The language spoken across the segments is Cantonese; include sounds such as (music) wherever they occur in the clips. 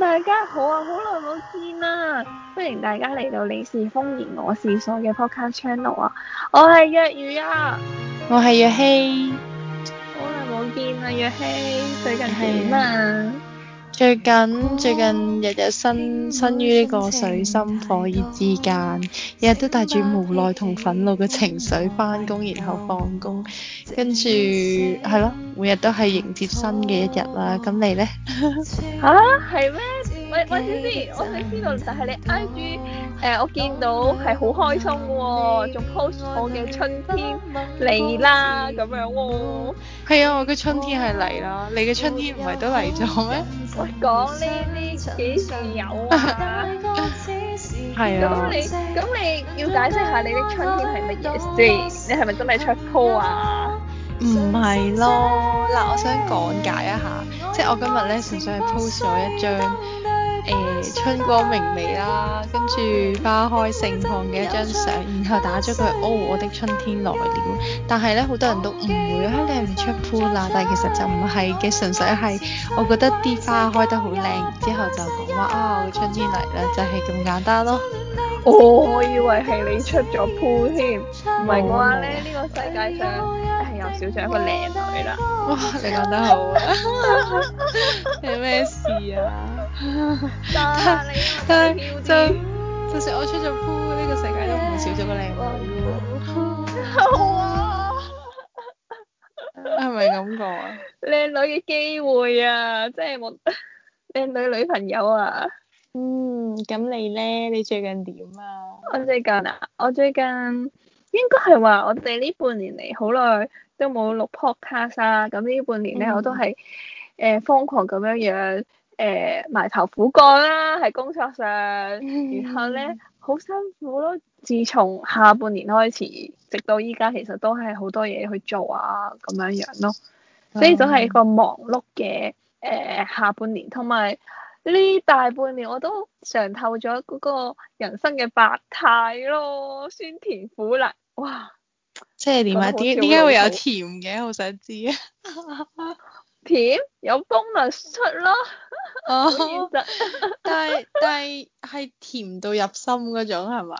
大家好啊，好耐冇見啦！歡迎大家嚟到你是風言我事所嘅 Podcast Channel 啊，我係若如啊，我係若曦，好耐冇見啦，若曦最近點啊？最近最近日日身身於呢個水深火熱之間，日日都帶住無奈同憤怒嘅情緒返工，然後放工，跟住係咯，每日都係迎接新嘅一日啦。咁你咧？嚇 (laughs) 係 (noise) 咩樂？喂喂，小師，我淨係知道，但係你 I G 誒，我見到係好開心喎，仲 post 我嘅春天嚟啦咁樣喎、哦。係啊，我嘅春天係嚟啦，哦、你嘅春天唔係都嚟咗咩？講呢啲幾時有啊？係啊， (laughs) 咁你咁你要解釋下你啲春天係乜嘢先？ (laughs) 你係咪真係出 po 啊？唔係咯，嗱，我想講解一下，嗯、即係我今日咧純粹係 post 咗一張。誒春光明媚啦、啊，跟住花開盛放嘅一張相，然後打咗句哦，我的春天來了。但係咧好多人都誤會，嚇、哎、你係咪出 pool 啦，但係其實就唔係嘅，純粹係我覺得啲花開得好靚，之後就講話，啊、我春天嚟啦，就係、是、咁簡單咯。哦，我以為係你出咗 pool 添，唔係嘅話咧，呢、哎、個世界上係、哎、有少少一個靚女啦。哇、哦，你講得好啊，你咩 (laughs) (laughs) 事啊？ (laughs) 但係真，就是 (laughs) 我出咗鋪，呢、這個世界都唔會少咗個靚女。好 (laughs) 啊！ (laughs) (laughs) 你係咪咁講啊？靚女嘅機會啊，即係冇靚女女朋友啊。嗯，咁你咧？你最近點啊？我最近啊，我最近應該係話我哋呢半年嚟，好耐都冇錄 podcast 啊。咁呢半年咧，嗯、我都係誒瘋狂咁樣樣。誒、呃、埋頭苦幹啦、啊，喺工作上，然後咧，好辛苦咯。自從下半年開始，直到依家，其實都係好多嘢去做啊，咁樣樣咯。所以都係一個忙碌嘅誒、呃、下半年，同埋呢大半年我都嘗透咗嗰個人生嘅百態咯，酸甜苦辣，哇！即係點啊？點點解會有甜嘅？好想知啊！ (laughs) 甜有 bonus 出咯， (laughs) 實哦、但係但係係甜到入心嗰種係嘛？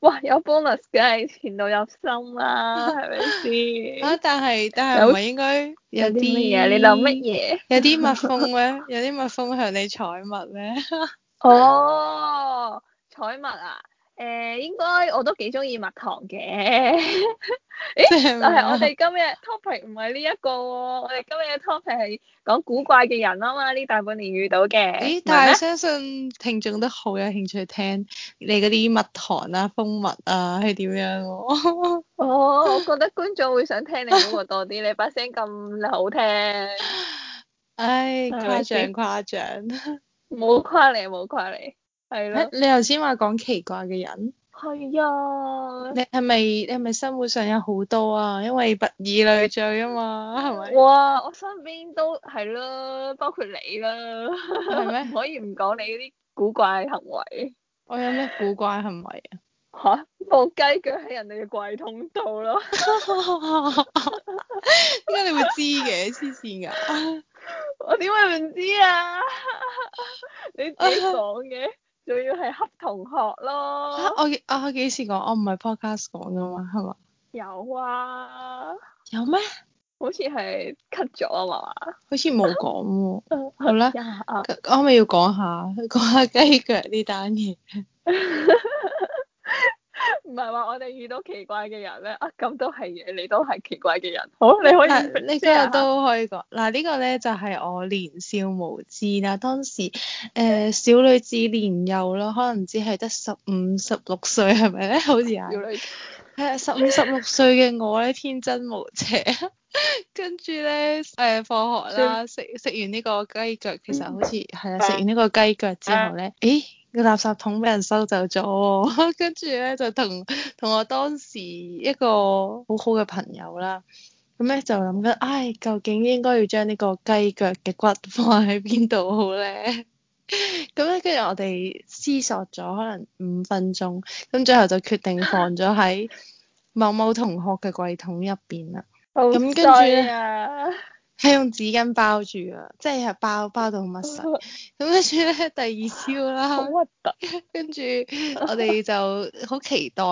哇，有 bonus 梗係甜到入心啦、啊，係咪先？啊，但係但係唔係應該有啲嘢？你諗乜嘢？有啲蜜蜂咧，有啲蜜蜂向你採蜜咧。 (laughs) 哦，採蜜啊！誒、呃，應該我都幾中意蜜糖嘅，誒 (laughs) 咦，但係我哋今日 (laughs) topic 唔係呢一個。哦，我哋今日嘅 topic 係講古怪嘅人啦嘛，呢大半年遇到嘅。誒，但係我相信聽眾都好有興趣聽你嗰啲蜜糖啊、蜂蜜啊係點樣。啊， (laughs) 哦，我覺得觀眾會想聽你嗰個多啲， (laughs) 你把聲咁好聽，唉，誇張誇張，冇誇 (laughs) 你，冇誇你。係咯，你頭先話講奇怪嘅人，係啊。你係咪、啊、你係咪生活上有好多啊？因為物以類聚啊嘛，係咪？哇！我身邊都係咯、啊，包括你啦，係咪嗎？ (laughs) 可以唔講你嗰啲古怪行為？我有咩古怪行為啊？吓，摸雞腳喺人哋嘅櫃桶度咯。點 (laughs) 解 (laughs) 你會知嘅？黐線噶， (laughs) 我點解唔知啊？ (laughs) 你自己講嘅。 (laughs) 仲要係恰同學咯，我、啊、我幾時講我唔係 podcast 講㗎嘛，係嘛？有啊，有咩嗎？好似係 cut 咗啊嘛，好似冇講喎。好啦，我我咪要講下，講下雞腳呢單嘢。 (laughs) 唔係話我哋遇到奇怪嘅人咧，啊咁都係嘅，你都係奇怪嘅人。好，你可以呢個都可以講。嗱、啊呢個、呢個咧就係、係、我年少無知啦。當時誒、呃、小女子年幼咯，可能只係得十五十六歲，係咪咧？好似係。小女子。係 (laughs) 啊，十五十六歲嘅我咧天真無邪，跟住咧誒放學啦算，食食完呢個雞腳，其實好似係啊食完呢個雞腳之後咧，誒、啊。欸個垃圾桶俾人收走咗，跟住咧就同同我當時一個好好嘅朋友啦，咁咧就諗緊，唉、哎，究竟應該要將呢個雞腳嘅骨放喺邊度好咧？咁 (laughs) 咧，跟住我哋思索咗可能五分鐘，咁最後就決定放咗喺某某同學嘅櫃桶入邊啦。咁跟住咧。係用紙巾包住啊，即係包包到密實，咁跟住咧第二朝啦，跟住 (laughs) 我哋就好期待。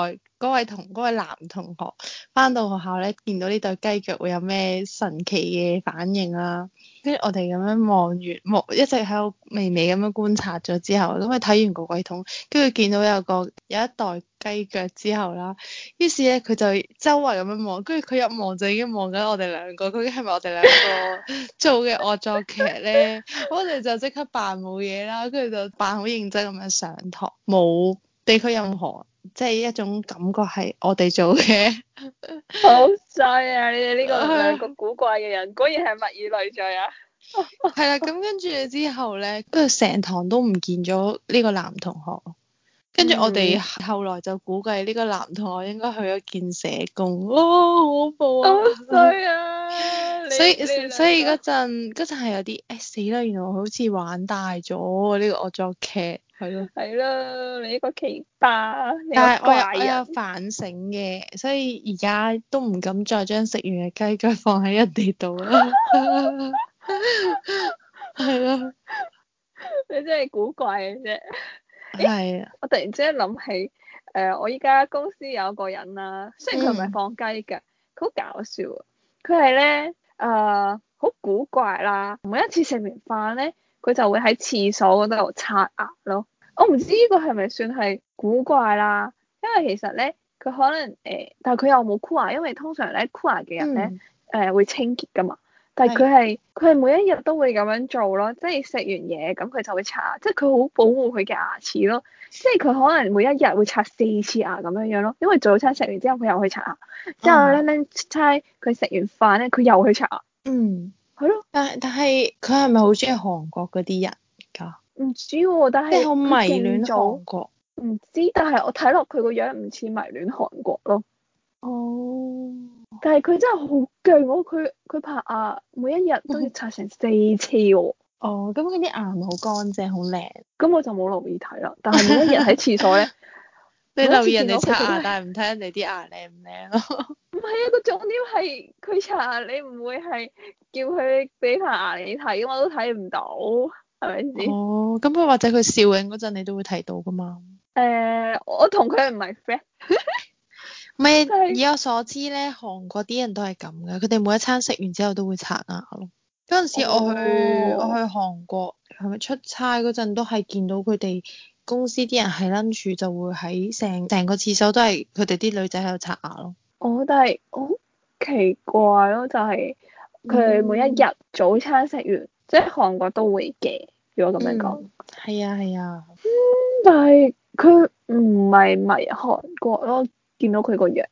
嗰位同嗰位男同學翻到學校咧，見到呢對雞腳會有咩神奇嘅反應啊？跟住我哋咁樣望完，一直喺度微微咁樣觀察咗之後，咁佢睇完個鬼桶，跟住見到有個有一袋雞腳之後啦，於是咧佢就周圍咁樣望，跟住佢一望就已經望緊我哋兩個，究竟係咪我哋兩個 (laughs) 做嘅惡作劇咧？ (laughs) 我哋就即刻扮冇嘢啦，跟住就扮好認真咁樣上堂，冇對佢任何。即係一種感覺係我哋做嘅， (laughs) 好衰啊！你哋呢個兩個古怪嘅人， (laughs) 果然係物以類聚啊！係 (laughs) 啦、哦，咁、啊、跟住之後咧，跟住成堂都唔見咗呢個男同學，跟住我哋後來就估計呢個男同學應該去咗見社工，哦，好恐怖啊！好衰啊！所以所以嗰陣嗰陣係有啲誒，死啦，原來好似玩大咗啊！呢、這個惡作劇。係咯，係咯，你呢個奇葩，你個怪人。但係我，我有反省嘅，所以而家都唔敢再將食完嘅雞腳放喺人哋度啦。係 (laughs) 咯了， (laughs) 你真係古怪嘅啫。係啊，的我突然之間諗起，誒、呃，我依家公司有個人啦，雖然佢唔係放雞腳，佢好、嗯、搞笑啊，佢係咧，誒、呃，好古怪啦，每一次食完飯咧，佢就會喺廁所嗰度刷牙咯。我唔知呢個係咪算係古怪啦，因為其實咧佢可能誒、欸，但係佢又冇箍牙，因為通常咧箍牙嘅人咧誒、嗯、會清潔噶嘛，但係佢係佢係每一日都會咁樣做咯，即係食完嘢咁佢就會刷牙，即係佢好保護佢嘅牙齒咯，即係佢可能每一日會刷四次牙咁樣樣咯，因為早餐食完之後佢又去刷牙。之後咧咧出差佢食完飯咧佢又去刷牙，嗯，係咯，但係但係佢係咪好中意韓國嗰啲人？唔知喎，但係我係迷戀韓國。唔知，但係我睇落佢個樣唔似迷戀韓國咯。哦。但係佢真係好勁，我佢佢拍牙，每一日都要刷成四次喎，哦哦。哦。咁嗰啲牙咪好乾淨，好靚。咁我就冇留意睇啦。但係每一日喺廁所咧， (laughs) 你留意人哋刷牙，但係唔睇人哋啲牙靚唔靚咯。唔係啊，個重點係佢刷牙，你唔會係叫佢俾棚牙你睇，我都睇唔到。係咪先？哦，咁、oh, 或者佢笑影嗰陣，你都會睇到噶嘛？誒、uh,，我同佢唔係 friend。咩、就是？以我所知咧，韓國啲人都係咁嘅，佢哋每一餐食完之後都會刷牙咯。嗰陣時我去、oh. 我去韓國，係咪出差嗰陣都係見到佢哋公司啲人喺 lunch 就會喺成成個廁所都係佢哋啲女仔喺度刷牙咯。哦，我覺得係好奇怪咯，就係、是、佢每一日早餐食完，mm. 即係韓國都會嘅。如果咁樣講，係啊係啊，啊嗯，但係佢唔係咪韓國咯，見到佢個樣。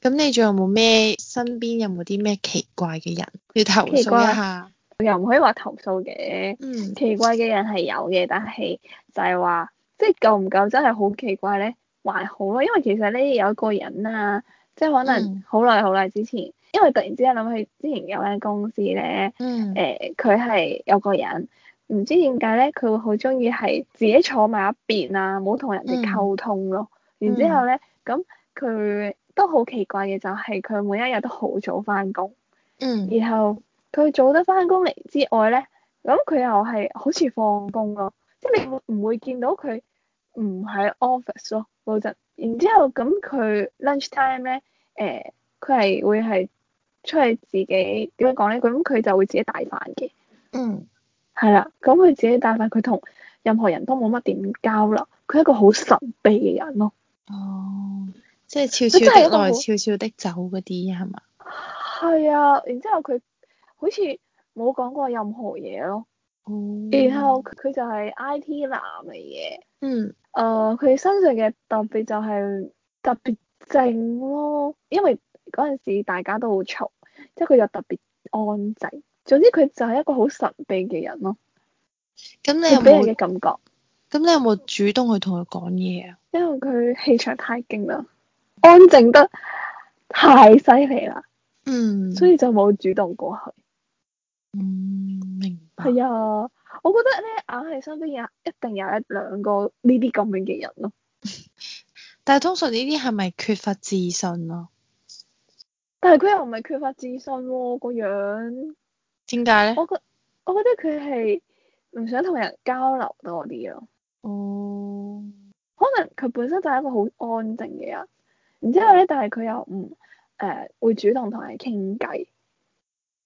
咁、嗯、你仲有冇咩身邊有冇啲咩奇怪嘅人要投訴一下？又唔可以話投訴嘅，嗯，奇怪嘅人係有嘅，但係就係話即係夠唔夠真係好奇怪咧？還好咯，因為其實咧有一個人啦、啊，即係可能好耐好耐之前，嗯、因為突然之間諗起之前有間公司咧，嗯，誒、呃，佢係有個人。唔知點解咧，佢會好中意係自己坐埋一邊啊，冇同人哋溝通咯。嗯、然之後咧，咁佢都好奇怪嘅，就係佢每一日都早、嗯、早好早翻工。嗯。然後佢早得翻工嚟，之外咧，咁佢又係好似放工咯，即係你唔會見到佢唔喺 office 咯嗰陣。然之後咁佢 lunch time 咧，誒，佢係會係出去自己點樣講咧？咁佢就會自己帶飯嘅。嗯。係啦，咁佢自己但係佢同任何人都冇乜點交流，佢係一個好神秘嘅人咯。哦，即係悄悄地，嚟悄悄的走嗰啲係嘛？係啊，然之後佢好似冇講過任何嘢咯。哦、然後佢就係 I T 男嚟嘅。嗯。誒、呃，佢身上嘅特別就係特別靜咯，因為嗰陣時大家都好嘈，即係佢又特別安靜。總之佢就係一個好神秘嘅人咯。咁你有冇俾人嘅感覺？咁你有冇主動去同佢講嘢啊？因為佢氣場太勁啦，安靜得太犀利啦，嗯，所以就冇主動過去。嗯，明白。係啊，我覺得咧，硬係身邊有一定有一兩個呢啲咁樣嘅人咯。 (laughs) 但係通常呢啲係咪缺乏自信啊？但係佢又唔係缺乏自信喎、啊，個樣。點解咧？我覺我覺得佢係唔想同人交流多啲咯。哦、嗯，可能佢本身就係一個好安靜嘅人，然之後咧，但係佢又唔誒、呃、會主動同人傾偈，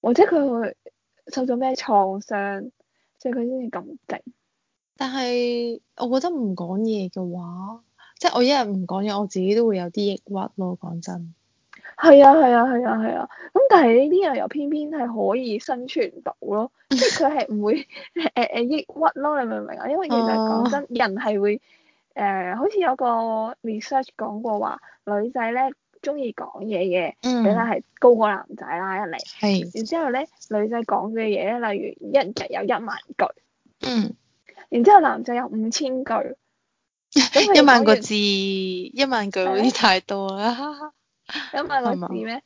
或者佢會受咗咩創傷，即係佢先至咁靜。但係我覺得唔講嘢嘅話，即係我一日唔講嘢，我自己都會有啲抑鬱咯。講真。係啊係啊係啊係啊，咁、啊啊啊啊、但係呢啲人又偏偏係可以生存到咯，即係佢係唔會誒誒抑鬱咯，你明唔明啊？因為其實講真，人係會誒、呃，好似有個 research 講過話，女仔咧，中意講嘢嘅比較係高過男仔啦一嚟，嗯、然之後咧，女仔講嘅嘢，例如一日有一萬句，嗯、然之後男仔有五千句，一萬個字，一萬句好似太多啦。 (laughs) 咁咪萬字咩？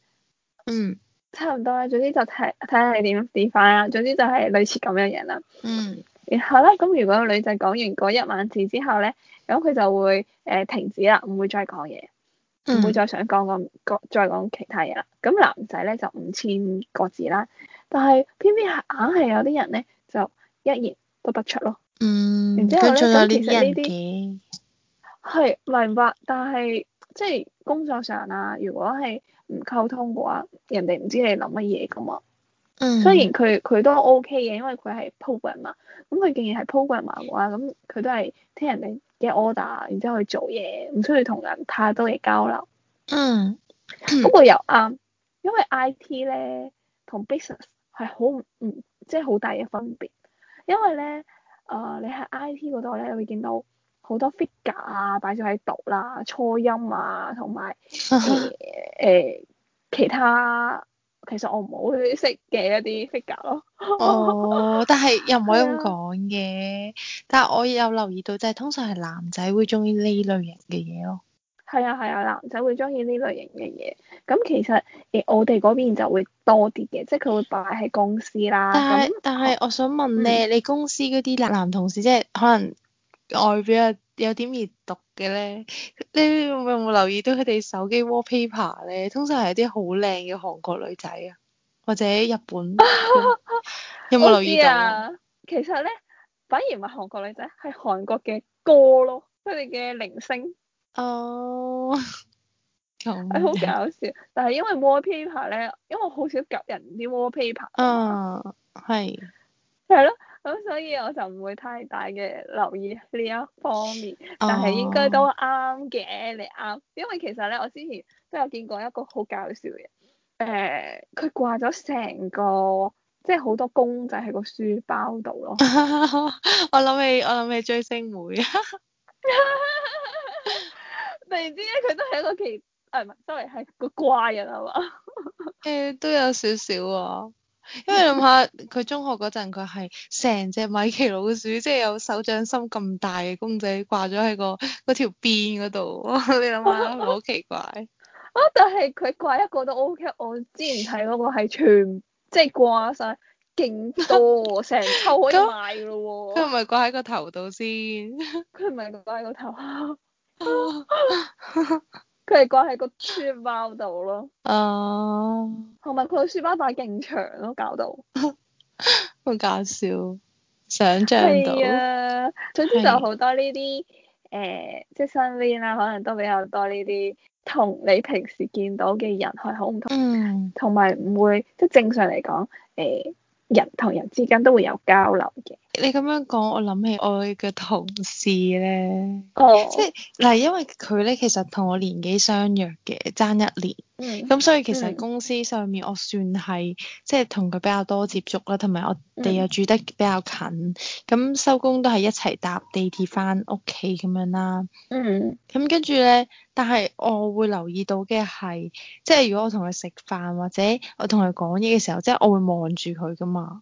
嗯，差唔多啊，總之就睇睇下你點點法啊，總之就係類似咁樣嘢啦。嗯。然後咧，咁如果女仔講完嗰一萬字之後咧，咁佢就會誒、呃、停止啦，唔會再講嘢，唔、嗯、會再想講個講再講其他嘢啦。咁男仔咧就五千個字啦，但係偏偏係硬係有啲人咧就一言都不出咯。嗯。然之後咧就其實呢啲係明白，但係。即係工作上啊，如果係唔溝通嘅話，人哋唔知你諗乜嘢噶嘛。嗯。雖然佢佢都 O K 嘅，因為佢係 program 啊。咁佢竟然係 program 嘅話，咁佢都係聽人哋嘅 order，然之後去做嘢，唔需要同人太多嘢交流。嗯。不過又啱，因為 I T 咧同 business 係好唔即係好大嘅分別。因為咧，誒你喺 I T 嗰度咧，你會見到好多 figure 啊，擺咗喺度啦，初音啊，同埋誒其他，其實我唔好識嘅一啲 figure 咯。 (laughs) 哦，但係又唔可以咁講嘅，啊、但係我有留意到就係通常係男仔會中意呢類型嘅嘢咯。係啊係啊，男仔會中意呢類型嘅嘢，咁其實誒、欸、我哋嗰邊就會多啲嘅，即係佢會擺喺公司啦。但係是那但係，我想問咧，嗯、你公司嗰啲男男同事即係可能？外表啊，有啲易讀嘅咧。你有冇留意到佢哋手機 wallpaper 咧？通常係啲好靚嘅韓國女仔啊，或者日本。 (laughs) (laughs) 有冇留意到啊？ (music) 其實咧，反而唔係韓國女仔，係韓國嘅歌咯。佢哋嘅鈴聲。哦。係好搞笑，但係因為 wallpaper 咧，因為好少夾人啲 wallpaper。嗯，係。係咯。咁所以我就唔會太大嘅留意呢一方面，oh. 但係應該都啱嘅，你啱。因為其實咧，我之前都有見過一個好搞笑嘅，誒、呃，佢掛咗成個，即係好多公仔喺個書包度咯。 (laughs) 我諗起我諗起追星妹 (laughs) (laughs) 突然之間，佢都係一個奇，誒唔係，sorry，係個怪人啊嘛 (laughs) 、呃？都有少少啊。 (laughs) 因為諗下佢中學嗰陣佢係成隻米奇老鼠，即係有手掌心咁大嘅公仔掛咗喺個嗰條辮嗰度，你諗下好奇怪？ (laughs) 啊！但係佢掛一個都 O、OK, K，我之前睇嗰個係全 (laughs) 即係掛晒勁多，成套 (laughs) 可以賣噶咯。佢唔係掛喺個頭度先。佢唔係掛喺個頭。佢係掛喺個包、uh、書包度咯，啊，同埋佢個書包帶勁長咯，搞到好 (laughs) 搞笑，想象到、啊。總之就好多呢啲，誒是、呃，即身邊啦、啊，可能都比較多呢啲同你平時見到嘅人係好唔同，同埋唔會即正常嚟講，誒、呃，人同人之間都會有交流嘅。你咁樣講，我諗起我嘅同事咧，oh. 即係嗱，因為佢咧其實同我年紀相若嘅，爭一年，咁、mm hmm. 所以其實公司上面我算係、mm hmm. 即係同佢比較多接觸啦，同埋我哋又住得比較近，咁收工都係一齊搭地鐵返屋企咁樣啦。嗯、mm，咁跟住咧，但係我會留意到嘅係，即係如果我同佢食飯或者我同佢講嘢嘅時候，即係我會望住佢㗎嘛，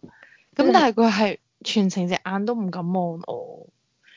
咁但係佢係。Mm hmm. 全程隻眼都唔敢望我，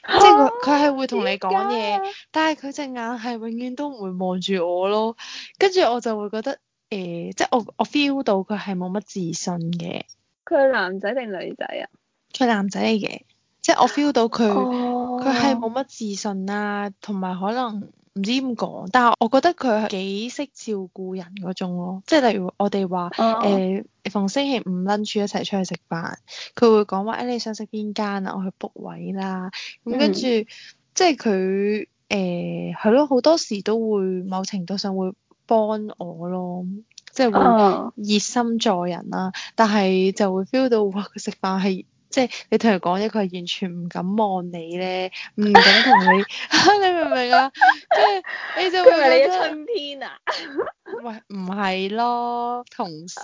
即係佢佢係會同你講嘢，在但係佢隻眼係永遠都唔會望住我咯。跟住我就會覺得，誒、欸，即係我我 feel 到佢係冇乜自信嘅。佢係男仔定女仔啊？佢男仔嚟嘅，即係我 feel 到佢佢係冇乜自信啊，同埋可能。唔知點講，但係我覺得佢係幾識照顧人嗰種咯、啊，即係例如我哋話誒逢星期五 lunch 一齊出去食飯，佢會講話誒你想食邊間啊，我去 book 位啦。咁跟住、mm. 即係佢誒係咯，好、呃、多時都會某程度上會幫我咯，即係會熱心助人啦、啊。Oh. 但係就會 feel 到哇佢食飯係。即係你同佢講嘢，佢係完全唔敢望你咧，唔敢同你， (laughs) (laughs) 你明唔明啊？即係你就會覺得你春天啊？喂、 (laughs) 哎，唔係咯，同事。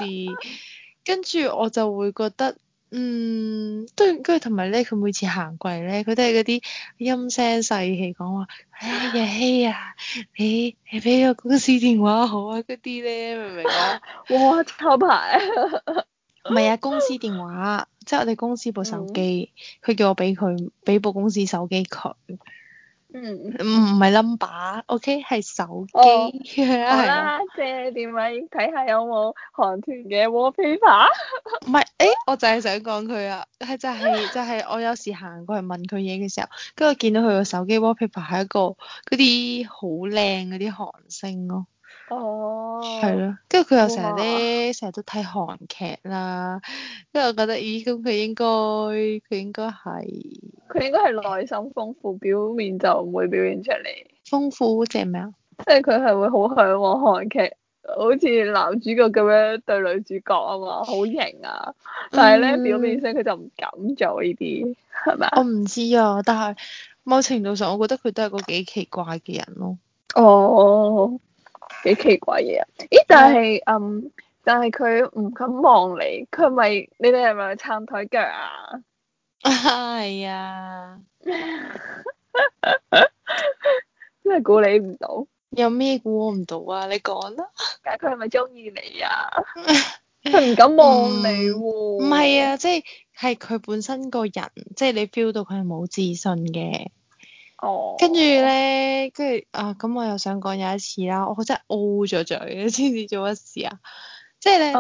跟住我就會覺得，嗯，跟跟住同埋咧，佢每次行過嚟咧，佢都係嗰啲陰聲細氣講話，唉、 (laughs) 哎，若曦啊，你你俾個公司電話好啊，嗰啲咧，明唔明啊？ (laughs) 哇，偷牌！唔係啊，公司電話，即係我哋公司部手機，佢、嗯、叫我俾佢俾部公司手機佢。嗯，唔唔係 number，OK 係手機。好啦，借電話睇下有冇韓團嘅 wallpaper。 (laughs) 唔係，誒，我就係想講佢啊，係就係、係、就係、係、我有時行過嚟問佢嘢嘅時候，跟住見到佢個手機 wallpaper 係一個嗰啲好靚嗰啲韓星咯、哦。哦，係咯，跟住佢又成日咧，成日哇都睇韓劇啦。跟住我覺得，咦，咁佢應該，佢應該係，佢應該係內心豐富，表面就唔會表現出嚟。豐富即係咩啊？即係佢係會好向往韓劇，好似男主角咁樣對女主角啊嘛，好型啊。但係咧，表面上佢就唔敢做呢啲，係咪、嗯？吧我唔知啊，但係某程度上，我覺得佢都係個幾奇怪嘅人咯。哦。幾奇怪嘢啊！咦，但係，嗯，嗯，但係佢唔敢望你，佢咪你哋係咪撐台腳啊？係啊，哎呀，真係估你唔到，有咩估我唔到啊？你講啦，但係佢係咪中意你啊？佢唔 (laughs) 敢望你喎，唔係啊，即係係佢本身個人，即係你 feel 到佢係冇自信嘅。哦，跟住咧，跟住啊，咁我又想講有一次啦，我真係 O 咗嘴，你知唔知做乜事啊？即係咧，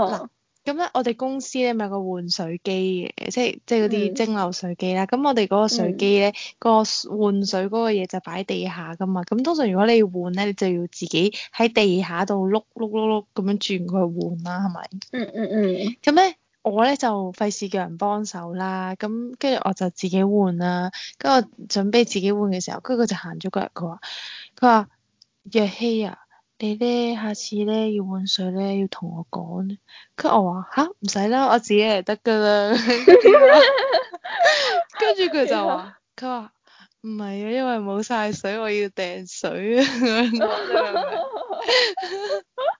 咁咧我哋公司咧咪有個換水機嘅，即係即係嗰啲蒸餾水機啦。咁我哋嗰個水機咧，個換水嗰個嘢就擺地下噶嘛。咁通常如果你要換咧，你就要自己喺地下度碌碌碌碌咁樣轉佢換啦，係咪？嗯嗯嗯。咁咧。我咧就費事叫人幫手啦，咁跟住我就自己換啦。跟住我準備自己換嘅時候，跟住佢就行咗腳，佢話佢話若曦啊，你咧、ah e, 下次咧要換水咧要同我講。跟住我話吓唔使啦，我自己嚟得噶啦。跟住佢就話佢話唔係啊，因為冇晒水，我要訂水啊。 (laughs) (laughs)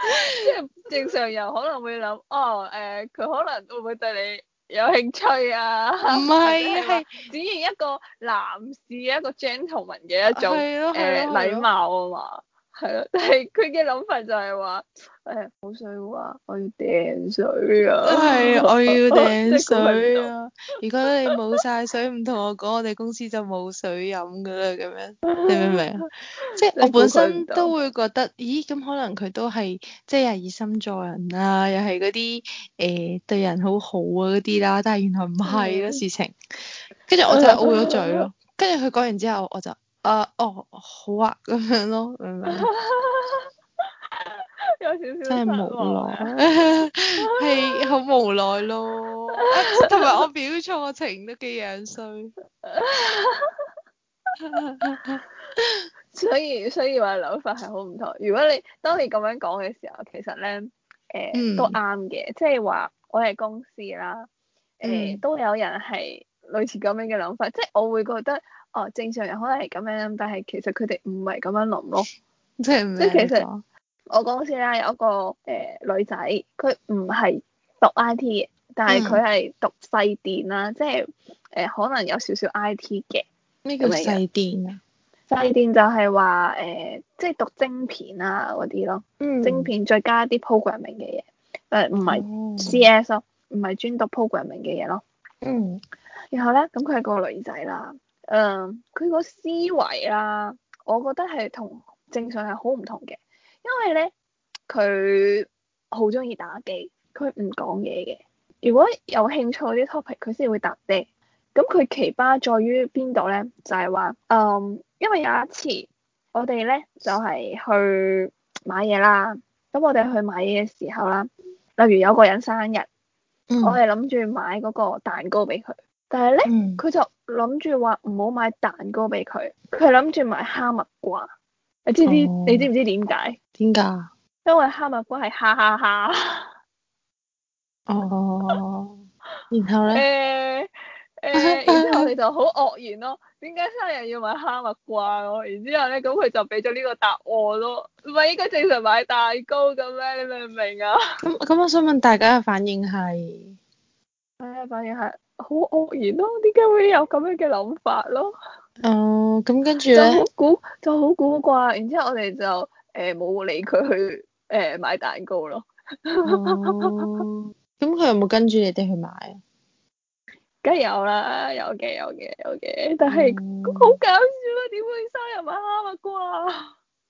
即係 (laughs) 正常人可能會諗哦，誒、呃，佢可能會唔會對你有興趣啊？唔係啊，係 (laughs) 說是展現一個男士嘅一個 gentleman 嘅一種誒禮、呃、貌啊嘛，係咯，但係佢嘅諗法就係話。誒，冇水喎，我要訂水啊！都係，我要訂水啊！ (laughs) 如果你冇晒水，唔同 (laughs) 我講，我哋公司就冇水飲噶啦，咁樣，你明唔明啊？即係 (laughs) 我本身都會覺得，咦，咁可能佢都係，即係以心助人啊，又係嗰啲誒對人好好啊嗰啲啦，但係原來唔係咯，事情。跟住、嗯、我就 O 咗嘴咯。跟住佢講完之後，我就，啊、呃，哦，好啊，咁樣咯，明唔明？在一在一有少少，真係無奈，係好 (laughs) 是 (laughs) 無奈咯。同埋 (laughs) 我表錯情都幾樣衰，所以所以話諗法係好唔同。如果你當你咁樣講嘅時候，其實咧誒、呃、都啱嘅，即係話我哋公司啦，誒、呃、都有人係類似咁樣嘅諗法。即係、嗯、我會覺得，哦，正常人可能係咁樣，但係其實佢哋唔係咁樣諗咯。即係即係其實。我公司咧有一個誒、呃、女仔，佢唔係讀 IT 嘅，但係佢係讀細電啦，嗯、即係誒、呃、可能有少少 IT 嘅。咩叫細電啊？細電就係話誒，即係讀晶片啊嗰啲咯，嗯、晶片再加啲 programming 嘅嘢，誒唔係 CS、哦嗯、咯，唔係專讀 programming 嘅嘢咯。嗯。然後咧，咁佢係個女仔啦，嗯、呃，佢個思維啦、啊，我覺得係同正常係好唔同嘅。因為咧，佢好中意打機，佢唔講嘢嘅。如果有興趣啲 topic，佢先會答啫。咁佢奇葩在於邊度咧？就係話，嗯，因為有一次我哋咧就係去買嘢啦。咁我哋去買嘢嘅時候啦，例如有個人生日，嗯、我哋諗住買嗰個蛋糕俾佢，但係咧佢就諗住話唔好買蛋糕俾佢，佢諗住買哈密瓜。你知唔知？哦、你知唔知點解？點解？因為哈密瓜係嚇嚇嚇。哦。 (laughs) 然後咧？誒誒、欸，欸、 (laughs) 然後你就好愕然咯，點解生日要買哈密瓜咯？然之後咧，咁佢就俾咗呢個答案咯，唔係應該正常買蛋糕嘅咩？你明唔明啊？咁咁、嗯，我想問大家嘅反應係？大家、哎、反應係好愕然咯，點解會有咁樣嘅諗法咯？哦，咁跟住咧就好古就好古怪，然之後我哋就誒冇、呃、理佢去誒、呃、買蛋糕咯。咁 (laughs) 佢、哦、有冇跟住你哋去買啊？梗係有啦，有嘅有嘅有嘅，但係好、嗯、搞笑啊！點會生日買哈密瓜？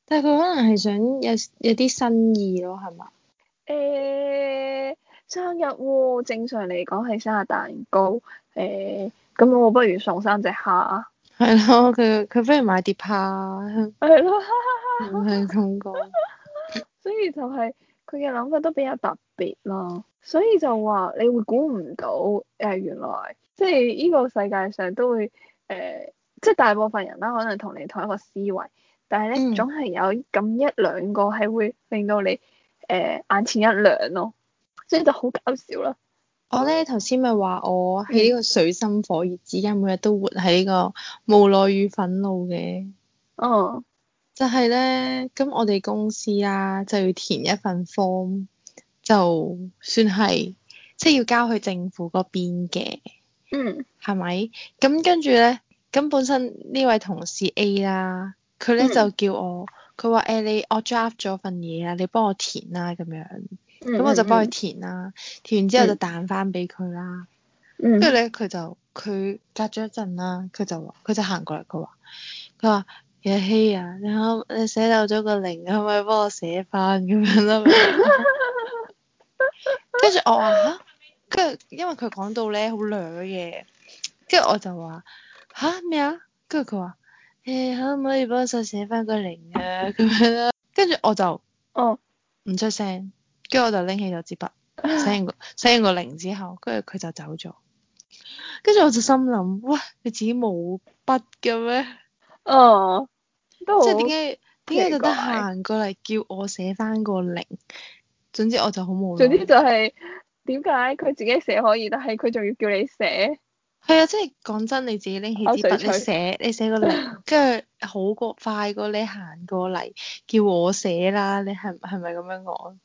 但係佢可能係想有有啲新意咯，係嘛？誒、欸、生日喎，正常嚟講係生日蛋糕，誒、欸、咁我不如送三隻蝦。係咯，佢佢不如買碟怕。係咯， (laughs) 唔係咁講。所以就係佢嘅諗法都比較特別咯。 (laughs) 所以就話你會估唔到誒，原來即係呢個世界上都會誒，即、呃、係、就是、大部分人啦，可能同你同一個思維，但係咧、嗯、總係有咁一兩個係會令到你誒、呃、眼前一亮咯。所以就好搞笑啦。我咧頭先咪話我喺呢個水深火熱之間，嗯、每日都活喺呢個無奈與憤怒嘅。哦，就係咧，咁我哋公司啦就要填一份 form，就算係即係要交去政府嗰邊嘅。嗯。係咪？咁跟住咧，咁本身呢位同事 A 啦，佢咧就叫我，佢話、嗯：，誒、欸、你我 draft 咗份嘢啊，你幫我填啦咁樣。咁我就幫佢填啦，填完之後就彈翻俾佢啦。跟住咧，佢就佢隔咗一陣啦，佢就話，佢就行過嚟，佢話，佢話：，若曦啊，你可你寫漏咗個零，可唔可以幫我寫翻咁樣啦？跟住我話吓，跟住因為佢講到咧好嗲嘅，跟住我就話吓咩啊？跟住佢話，誒，可唔可以幫我再寫翻個零啊？咁樣啦，跟住我就，哦，唔出聲。跟住我就拎起咗支筆，寫完個寫完個零之後，跟住佢就走咗。跟住我就心諗，哇，你自己冇筆嘅咩？哦，即係點解點解就得閒過嚟叫我寫翻個零？總之我就好無奈。總之就係點解佢自己寫可以，但係佢仲要叫你寫？係啊、 (laughs) 嗯，即係講真，你自己拎起支筆最你寫，你寫個零，跟住 (laughs) 好過快過你行過嚟叫我寫啦。你係係咪咁樣講？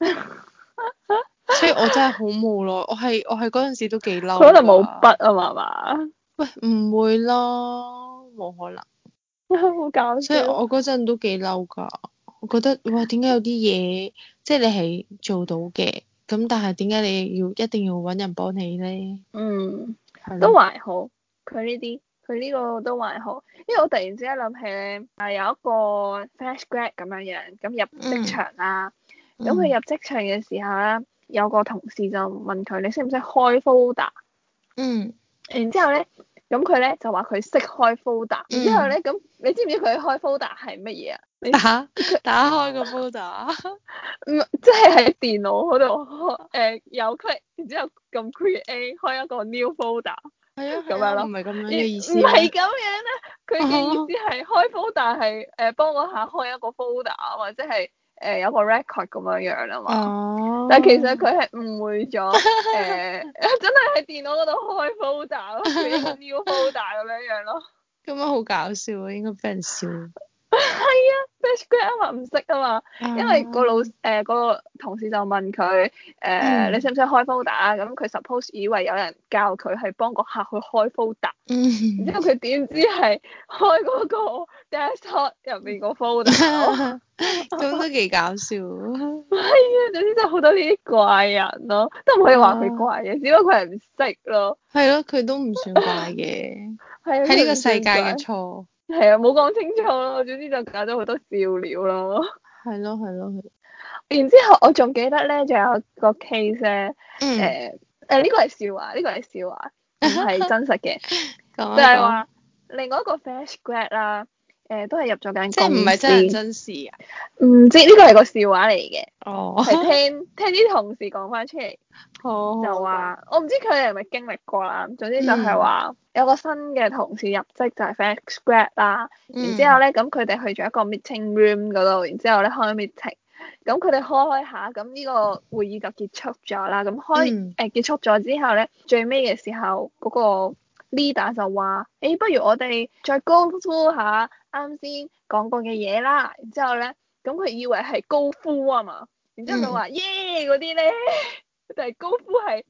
(laughs) 所以我真係好無奈，我係我係嗰陣時都幾嬲，可能冇筆啊嘛嘛。媽媽喂，唔會咯，冇可能，好搞笑道。所以，我嗰陣都幾嬲噶，我覺得哇，點解有啲嘢，即係你係做到嘅，咁但係點解你要一定要搵人幫你咧？嗯，的都還好，佢呢啲，佢呢個都還好，因為我突然之間諗起咧，啊有一個 fresh grad 咁樣樣，咁入職場啊。嗯咁佢入職場嘅時候咧，有個同事就問佢：你識唔識開 folder？嗯。然後呢呢嗯之後咧，咁佢咧就話佢識開 folder。然之後咧，咁你知唔知佢開 folder 係乜嘢啊？你打打開個 folder。即係喺電腦嗰度開，有、呃、c 然之後咁 create 開一個 new folder。係的啊，咁樣咯。唔係咁樣嘅意思。唔係咁樣咧，佢嘅意思係開 folder 係誒幫我下開一個 folder，或者係。誒、呃、有個 record 咁樣樣啊嘛，oh. 但係其實佢係誤會咗誒，呃、 (laughs) 真係喺電腦嗰度開 folder，變咗 new folder 咁樣樣咯。咁 (laughs) 樣好搞笑啊，應該俾人笑。係 (laughs) 啊 b e、嗯、s t g r o u n d 啊嘛，唔識啊嘛，因為個老誒、呃那個同事就問佢誒、呃嗯、你識唔識開 folder 啊？咁佢 suppose 以為有人教佢係幫個客去開 folder，然之後佢點知係開嗰個 desktop 入面個 folder，咁都幾搞笑。係啊，總之真係好多呢啲怪人咯，都唔可以話佢怪嘅，只不過佢係唔識咯。係咯、 (laughs) (laughs) 啊，佢都唔算怪嘅。係喺呢個世界嘅錯。 (laughs) (laughs) 係啊，冇講清楚咯，我總之就搞咗好多笑料咯。係咯係咯，然之後我仲記得咧，仲有個 case 咧、嗯，誒誒呢個係笑話，呢、呢個係笑話，唔係真實嘅， (laughs) 說說就係話另外一個 fresh grad 啦。誒都係入咗間公司，即唔係真人真事啊？唔知呢個係個笑話嚟嘅，係、oh. 聽聽啲同事講翻出嚟，oh. 就話我唔知佢哋係咪經歷過啦。總之就係話、嗯、有個新嘅同事入職就係、是、Frank Square 啦。然之後咧，咁佢哋去咗一個 meeting room 嗰度，meeting, 然之後咧開 meeting。咁佢哋開開下，咁、這、呢個會議就結束咗啦。咁開誒結束咗、嗯、之後咧，最尾嘅時候嗰、那個。Leader 就話，誒、欸，不如我哋再 go through 下啱先講過嘅嘢啦，然之後咧，咁佢以為係高呼啊嘛，嗯、然之後就話耶嗰啲咧，但係高呼係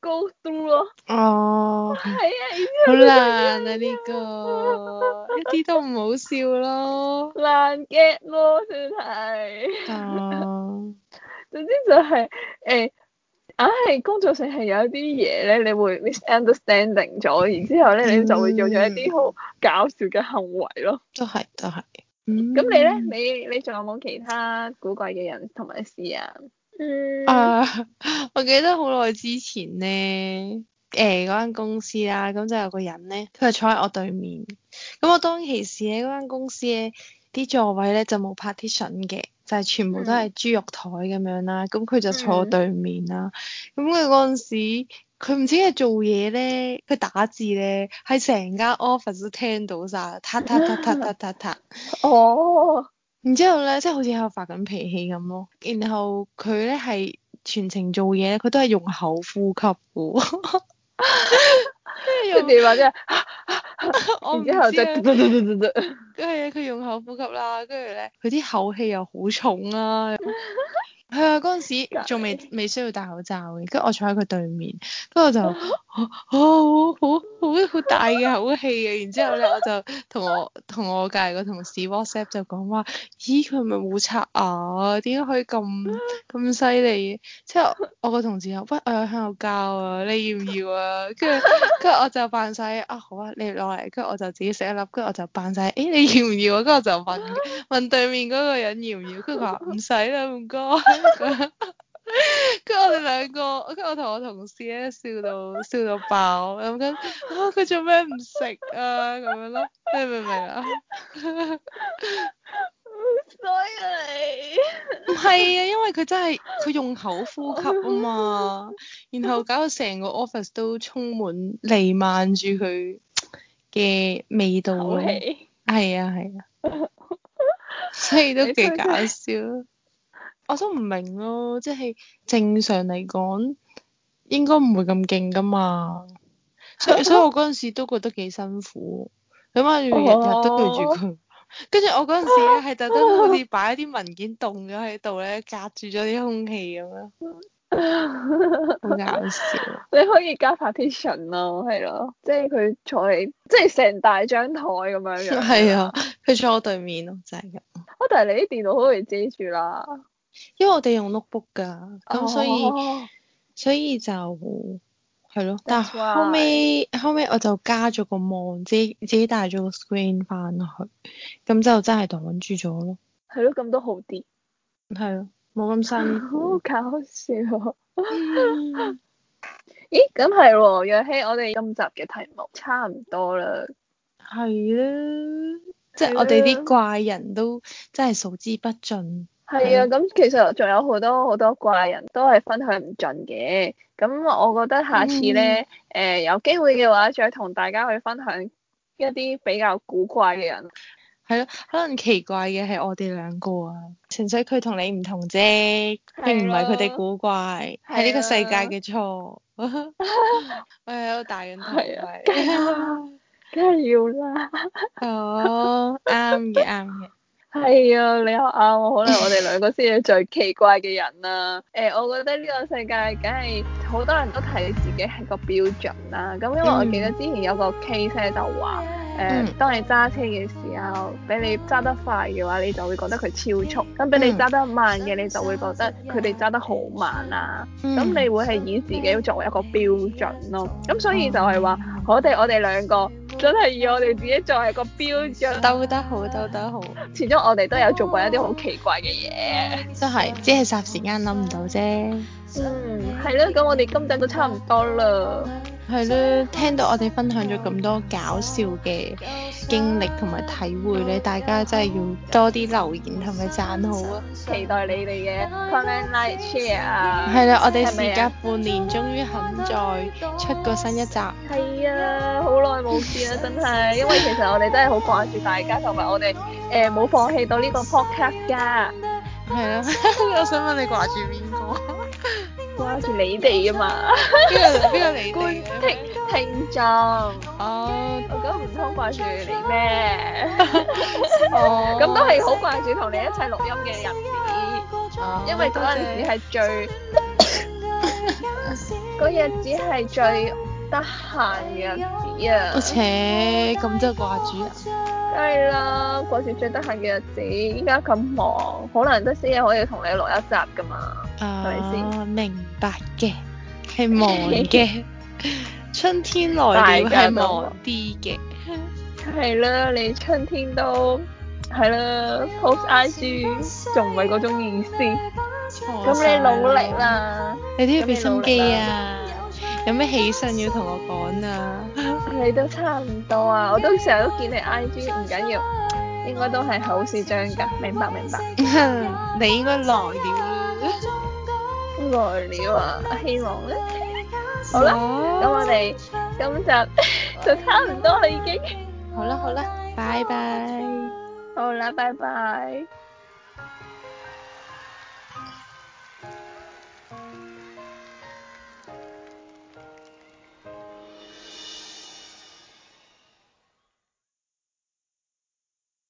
go through 咯。哦。係啊，好、啊、難啊呢、這個， (laughs) 一啲都唔好笑咯。難 get 咯，算係。但 (laughs) 總之就係、是、誒。欸唉、哎，工作上係有一啲嘢咧，你會 misunderstanding 咗，然之後咧，你就會做咗一啲好搞笑嘅行為咯。都係，都係。咁、嗯、你咧，你你仲有冇其他古怪嘅人同埋事啊？啊、嗯，uh, 我記得好耐之前咧，誒、呃、嗰間公司啦，咁就有個人咧，佢就坐喺我對面。咁我當其時喺嗰間公司咧，啲座位咧就冇 partition 嘅。但係全部都係豬肉台咁樣啦，咁佢、嗯、就坐對面啦。咁佢嗰陣時，佢唔知係做嘢咧，佢打字咧，係成間 office 都聽到晒，打打打打打打打打「嗒嗒嗒嗒嗒嗒嗒」。哦。然之後咧，即係好似喺度發緊脾氣咁咯。然後佢咧係全程做嘢，佢都係用口呼吸嘅。 (laughs) 即係用電話啫，然之後就，跟住佢用口呼吸啦，跟住咧佢啲口氣又好重啊，係啊嗰陣時仲未未需要戴口罩嘅，跟住我坐喺佢對面，跟住我就好好好好大嘅口氣嘅，然之後咧我就同我同我隔籬個同事 WhatsApp 就講話，咦佢係咪冇擦牙，點解可以咁咁犀利嘅？之後我個同事又，喂，我有香口膠啊，你要唔要啊？跟住。跟住我就扮晒，啊好啊，你攞嚟，跟住我就自己食一粒，跟住我就扮晒，誒、欸、你要唔要啊？跟住我就問問對面嗰個人要唔要，跟住佢話唔使啦，唔該。 (laughs) 跟住 (laughs) 我哋兩個，跟住我同我同事咧笑到笑到爆，咁跟住啊佢做咩唔食啊咁樣咯？你明唔明啊？ (laughs) 好衰啊你！唔係 (music) 啊，因為佢真係佢用口呼吸啊嘛， (laughs) 然後搞到成個 office 都充滿瀰漫住佢嘅味道咯，係啊係啊，啊 (laughs) 所以都幾搞笑。 (laughs) 我都唔明咯，哦，即係正常嚟講應該唔會咁勁噶嘛，所以， (laughs) 所以我嗰陣時都覺得幾辛苦，起碼要日日都對住佢，哦。跟住我嗰陣時咧，係特登好似擺一啲文件凍咗喺度咧， (laughs) 隔住咗啲空氣咁咯。好 (laughs) 搞笑！你可以加 partition 咯，係咯，即係佢坐喺，即係成大張台咁樣。係啊，佢坐我對面咯，真、就、係、咁。我、啊、但係你啲電腦好容易遮住啦，因為我哋用 notebook 噶，咁所以、哦、所以就。係咯，s right. 但後尾後尾我就加咗個網，自己自己帶咗個 screen 翻去，咁就真係擋住咗咯。係咯，咁都好啲。係啊，冇咁辛苦。 (laughs) 好搞笑。 (laughs) (laughs) 咦，咁係喎，若曦，我哋今集嘅題目差唔多啦。係啦，即係我哋啲怪人都真係數之不盡。係啊，咁其實仲有好多好多怪人都係分享唔盡嘅，咁我覺得下次咧，誒、嗯呃、有機會嘅話，再同大家去分享一啲比較古怪嘅人。係咯，可能奇怪嘅係我哋兩個啊，純粹佢同你唔同啫，並唔係佢哋古怪，係呢的個世界嘅錯。我有度大緊，係啊係啊，梗係要啦！哦，啱嘅啱嘅。係啊、 (noise) 哎，你又啊，我可能我哋兩個先係最奇怪嘅人啦、啊。誒、哎，我覺得呢個世界梗係好多人都睇你自己係個標準啦。咁因為我記得之前有個 case 呢就話，誒、呃，當你揸車嘅時候，俾你揸得快嘅話，你就會覺得佢超速；咁俾你揸得慢嘅，你就會覺得佢哋揸得好慢啊。咁你會係以自己作為一個標準咯。咁所以就係話，我哋我哋兩個。真係以我哋自己作為個標準，兜得好，兜得好。始終我哋都有做過一啲好奇怪嘅嘢。真係、嗯，只係霎時間諗唔到啫。嗯，係咯，咁我哋今集都差唔多啦。係咯，聽到我哋分享咗咁多搞笑嘅經歷同埋體會咧，大家真係要多啲留言同埋讚好啊！期待你哋嘅 comment like share。係啦，我哋時隔半年終於肯再出個新一集。係啊，好耐冇見啦，真係，因為其實我哋真係好掛住大家同埋我哋誒冇放棄到呢個 podcast 嘅。係啊，我想問你掛住邊？掛住你哋啊嘛誰誰？邊個嚟？邊個嚟？觀眾？聽眾 oh. 哦，我咁唔通掛住你咩？哦，咁都係好掛住同你一齊錄音嘅日子，oh. 因為嗰陣時係最，嗰 (laughs) (laughs) 日子係最。得閒嘅日子啊！而且，咁真係掛住啊！梗係啦，過住最得閒嘅日子，依家咁忙，好難得先可以同你錄一集噶嘛，係咪先？明白嘅，係忙嘅，春天來了係忙啲嘅，係啦，你春天都係啦，post IG 仲唔係嗰種意思，咁你努力啦，你都要畀心機啊！有咩喜訊要同我講啊？你都差唔多啊，我都成日都見你 I G，唔緊要，應該都係好事將近嘅。明白明白， (laughs) 你應該來了，啊，來了啊！我希望呢。好啦，咁，oh. 我哋今集就差唔多啦已經。 (laughs) 好啦好啦，拜拜。好啦，拜拜。